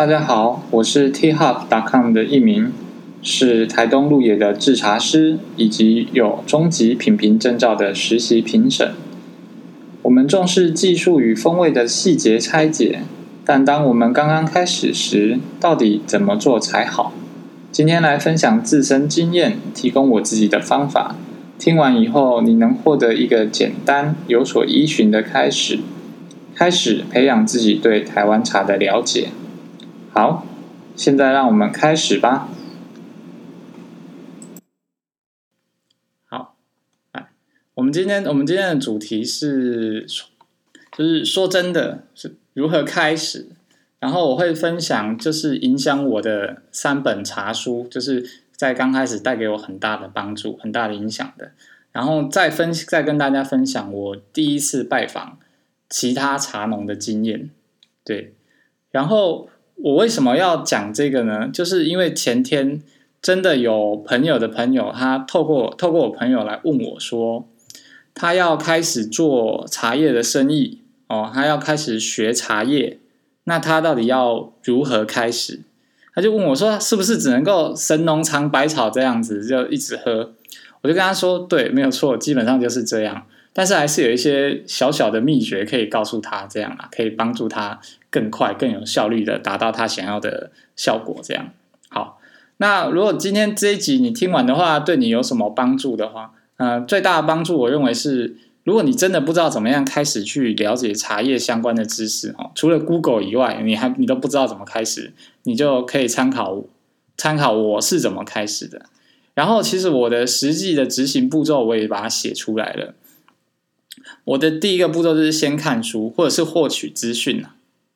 大家好，我是 teahub.com 的一明，是台東鹿野的製茶師，以及有中級品評證照的實習評審。我們重視技術與風味的細節拆解，但當我們剛剛開始時，到底怎麼做才好？今天來分享自身經驗，提供我自己的方法。聽完以後，你能獲得一個簡單、有所依循的開始，開始培養自己對台灣茶的了解。好，現在讓我們開始吧。好，我們今天我們今天的主題是，就是說真的，是如何開始。然後我會分享，就是影響我的三本茶書，就是在剛開始帶給我很大的幫助、很大的影響的。然後再分，再跟大家分享我第一次拜訪其他茶農的經驗。對，然後。我為什麼要講這個呢？就是因為前天真的有朋友的朋友，他透過透過我朋友來問我說，他要開始做茶葉的生意哦，他要開始學茶葉，那他到底要如何開始？他就問我說，是不是只能夠神農嚐百草這樣子就一直喝？我就跟他說，對，沒有錯，基本上就是這樣。但是還是有一些小小的秘訣可以告訴他這樣啊，可以幫助他更快、更有效率地達到他想要的效果。這樣好。那如果今天這一集你聽完的話，對你有什麼幫助的話，嗯、呃，最大的幫助我認為是，如果你真的不知道怎麼樣開始去了解茶葉相關的知識哦，除了 Google 以外，你還你都不知道怎麼開始，你就可以參考參考我是怎麼開始的。然後其實我的實際的執行步驟，我也把它寫出來了。我的第一個步驟就是先看書，或者是獲取資訊，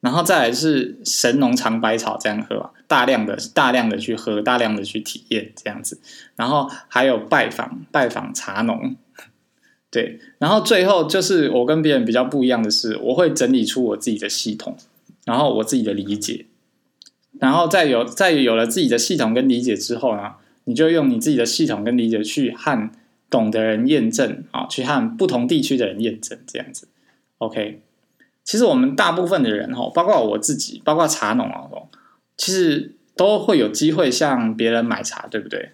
然後再來是神農嘗百草這樣喝，大量的、大量的去喝，大量的去體驗這樣子，然後還有拜訪、拜訪茶農，對，然後最後就是我跟別人比較不一樣的是，我會整理出我自己的系統，然後我自己的理解，然後再有、再有了自己的系統跟理解之後呢，你就用你自己的系統跟理解去和。懂的人驗證啊，去和不同地區的人驗證這樣子，OK。其實我們大部分的人哈，包括我自己，包括茶農啊，其實都會有機會向別人買茶，對不對？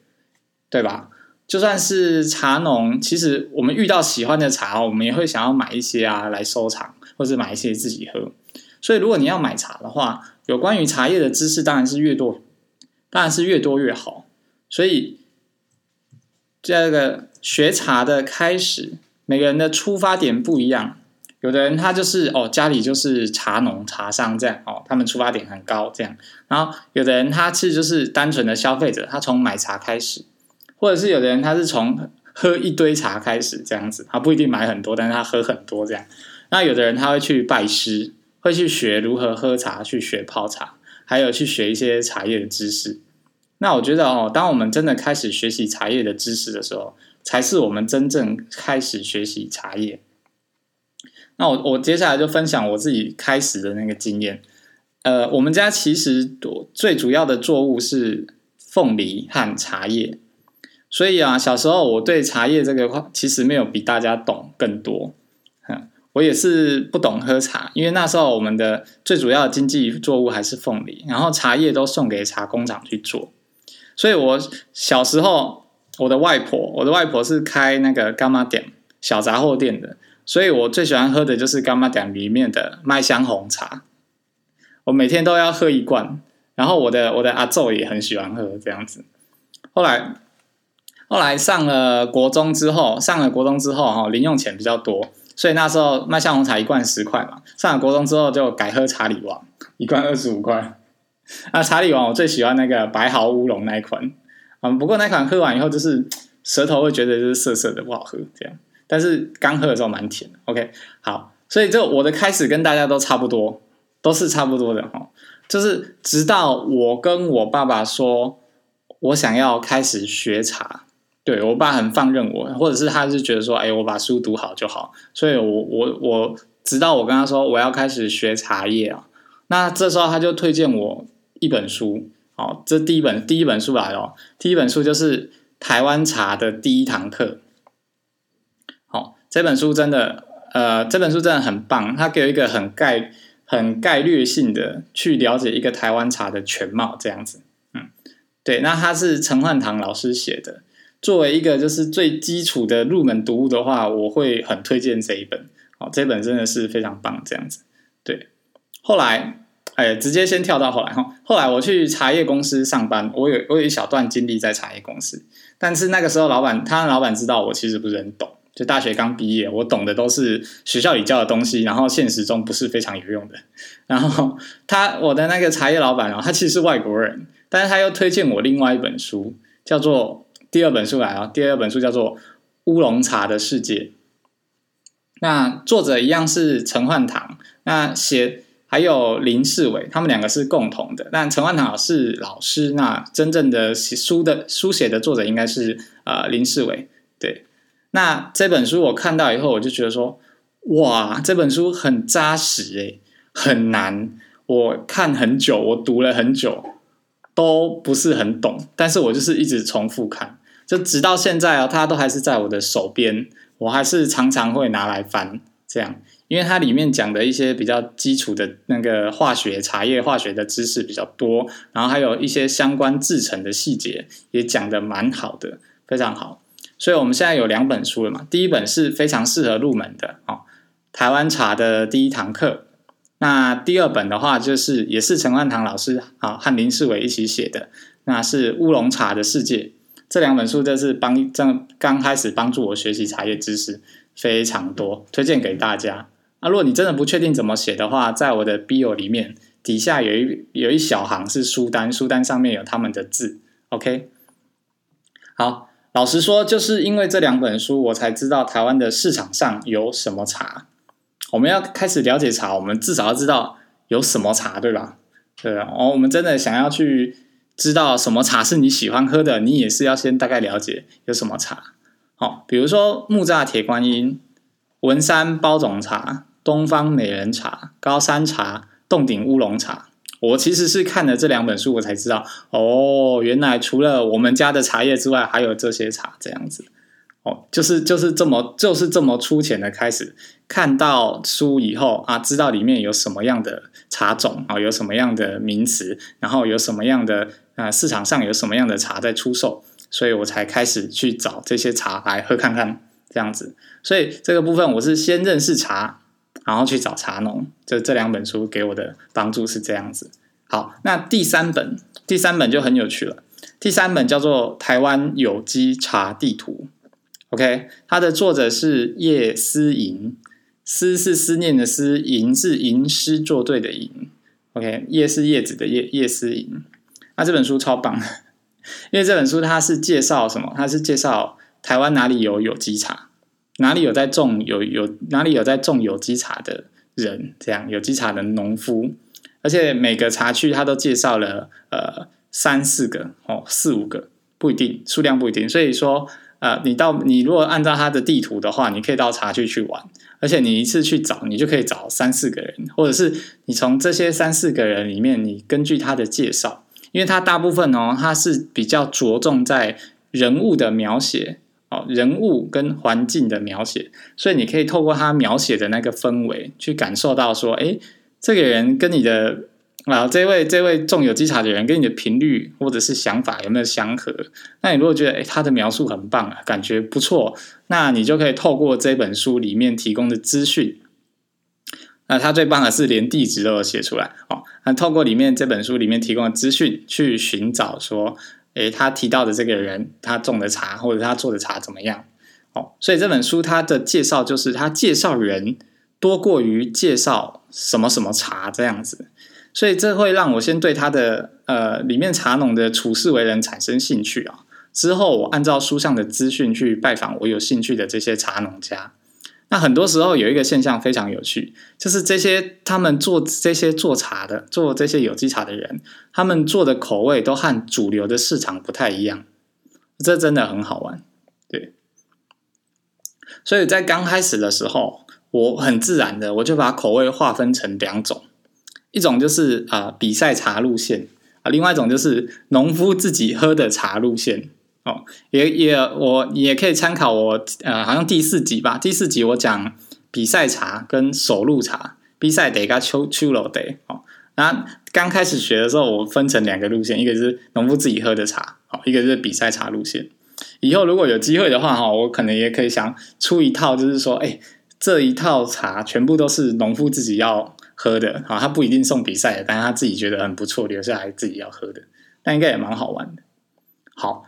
對吧？就算是茶農，其實我們遇到喜歡的茶，我們也會想要買一些啊來收藏，或者買一些自己喝。所以，如果你要買茶的話，有關於茶葉的知識，當然是越多，當然是越多越好。所以。第二個學茶的開始，每個人的出發點不一樣。有的人他就是哦，家裡就是茶農、茶商這樣哦，他們出發點很高這樣。然後有的人他是就是單純的消費者，他從買茶開始，或者是有的人他是從喝一堆茶開始這樣子，他不一定買很多，但是他喝很多這樣。那有的人他會去拜師，會去學如何喝茶，去學泡茶，還有去學一些茶葉的知識。那我覺得哦，當我們真的開始學習茶葉的知識的時候，才是我們真正開始學習茶葉。那我我接下來就分享我自己開始的那個經驗。呃，我們家其實最主要的作物是鳳梨和茶葉，所以啊，小時候我對茶葉這個話其實沒有比大家懂更多。哼、嗯，我也是不懂喝茶，因為那時候我們的最主要的經濟作物還是鳳梨，然後茶葉都送給茶工廠去做。所以，我小時候，我的外婆，我的外婆是開那個柑仔店小雜貨店的，所以我最喜歡喝的就是柑仔店裡面的麥香紅茶，我每天都要喝一罐。然後我，我的我的阿晝也很喜歡喝這樣子。後來，後來上了國中之後，上了國中之後哈，零用錢比較多，所以那時候麥香紅茶一罐十塊嘛。上了國中之後就改喝茶裡王，一罐二十五塊。啊，茶裏王，我最喜歡那個白毫烏龍那一款，嗯，不過那款喝完以後就是舌頭會覺得就是澀澀的，不好喝這樣。但是剛喝的時候蠻甜。OK，好，所以這我的開始跟大家都差不多，都是差不多的哈。就是直到我跟我爸爸說我想要開始學茶，對，我爸很放任我，或者是他是覺得說，哎，我把書讀好就好。所以我我我直到我跟他說我要開始學茶葉啊，那這時候他就推薦我。一本書，好，哦，這第一本第一本書來了，哦。第一本書就是《台灣茶的第一堂課》哦。好，這本書真的，呃，這本書真的很棒，它給一個很概、很概略性的去了解一個台灣茶的全貌，這樣子。嗯，對。那它是陳煥堂老師寫的。作為一個就是最基礎的入門讀物的話，我會很推薦這一本。好，哦，這本真的是非常棒，這樣子。對。後來。哎，直接先跳到後來哈。後來我去茶葉公司上班，我有我有一小段經歷在茶葉公司，但是那個時候老闆，他的老闆知道我其實不是很懂，就大學剛畢業，我懂的都是學校裡教的東西，然後現實中不是非常有用的。然後他，我的那個茶葉老闆，然後他其實是外國人，但是他又推薦我另外一本書，叫做第二本書來了，第二本書叫做《烏龍茶的世界》。那作者一樣是陳煥堂，那寫。還有林世偉，他們兩個是共同的。但陳萬堂是老師，那真正的書的書寫的作者應該是啊、呃、林世偉。對，那這本書我看到以後，我就覺得說，哇，這本書很扎實哎、欸，很難。我看很久，我讀了很久，都不是很懂。但是我就是一直重複看，就直到現在啊、哦，它都還是在我的手邊，我還是常常會拿來翻，這樣。因為它裡面講的一些比較基礎的那個化學，茶葉化學的知識比較多，然後還有一些相關製程的細節也講得蠻好的，非常好。所以我們現在有兩本書了嘛，第一本是非常適合入門的哦，台灣茶的第一堂課。那第二本的話就是也是陳萬堂老師啊、哦、和林世偉一起寫的，那是烏龍茶的世界。這兩本書就是幫正剛開始幫助我學習茶葉知識非常多，推薦給大家。啊，如果你真的不確定怎麼寫的話，在我的 bio 裡面底下有一有一小行是書單，書單上面有他們的字。OK，好，老實說，就是因為這兩本書，我才知道台灣的市場上有什麼茶。我們要開始了解茶，我們至少要知道有什麼茶，對吧？對啊、哦。我們真的想要去知道什麼茶是你喜歡喝的，你也是要先大概了解有什麼茶。好、哦，比如說木柵鐵觀音。文山包種茶、東方美人茶、高山茶、凍頂烏龍茶。我其實是看了這兩本書，我才知道哦，原來除了我們家的茶葉之外，還有這些茶這樣子。哦，就是就是這麼就是這麼粗淺的開始看到書以後啊，知道裡面有什麼樣的茶種啊，有什麼樣的名詞，然後有什麼樣的啊市場上有什麼樣的茶在出售，所以我才開始去找這些茶來喝看看，這樣子，所以這個部分我是先認識茶，然後去找茶農。就這兩本書給我的幫助是這樣子。好，那第三本，第三本就很有趣了。第三本叫做《台灣有機茶地圖》。OK，它的作者是葉思吟，思是思念的思，吟是吟詩作對的吟，OK，葉是葉子的葉，葉思吟。那、啊、這本書超棒，因為這本書它是介紹什麼？它是介紹。台灣哪裡有有機茶？哪裡有在種有有哪裡有在種有機茶的人？這樣有機茶的農夫，而且每個茶區他都介紹了呃三四個哦四五個不一定數量不一定，所以說呃你到你如果按照他的地圖的話，你可以到茶區去玩，而且你一次去找你就可以找三四個人，或者是你從這些三四個人裡面，你根據他的介紹，因為他大部分哦他是比較着重在人物的描寫。哦，人物跟環境的描寫，所以你可以透過他描寫的那個氛圍，去感受到說，哎、欸，這個人跟你的啊，這位這位種有機茶的人跟你的頻率或者是想法有沒有相合？那你如果覺得哎、欸、他的描述很棒啊，感覺不錯，那你就可以透過這本書裡面提供的資訊，那他最棒的是連地址都有寫出來哦。那、啊、透過裡面這本書裡面提供的資訊去尋找說。誒，他提到的這個人，他種的茶或者他做的茶怎麼樣？哦，所以這本書它的介紹就是他介紹人多過於介紹什麼什麼茶這樣子，所以這會讓我先對他的呃裡面茶農的處世為人產生興趣啊、哦。之後我按照書上的資訊去拜訪我有興趣的這些茶農家。那很多時候有一個現象非常有趣，就是這些他們做這些做茶的、做這些有機茶的人，他們做的口味都和主流的市場不太一樣，這真的很好玩，對。所以在剛開始的時候，我很自然的我就把口味劃分成兩種，一種就是啊、呃、比賽茶路線啊，另外一種就是農夫自己喝的茶路線。哦，也也我也可以參考我呃，好像第四集吧，第四集我講比賽茶跟手路茶，比賽 day 跟秋秋路 day 哦。那剛開始學的時候，我分成兩個路線，一個是農夫自己喝的茶，好、喔，一個是比賽茶路線。以後如果有機會的話哈、喔，我可能也可以想出一套，就是說，哎、欸，這一套茶全部都是農夫自己要喝的，好、喔，他不一定送比賽的，但他自己覺得很不錯，留下來自己要喝的，但應該也蠻好玩的。好。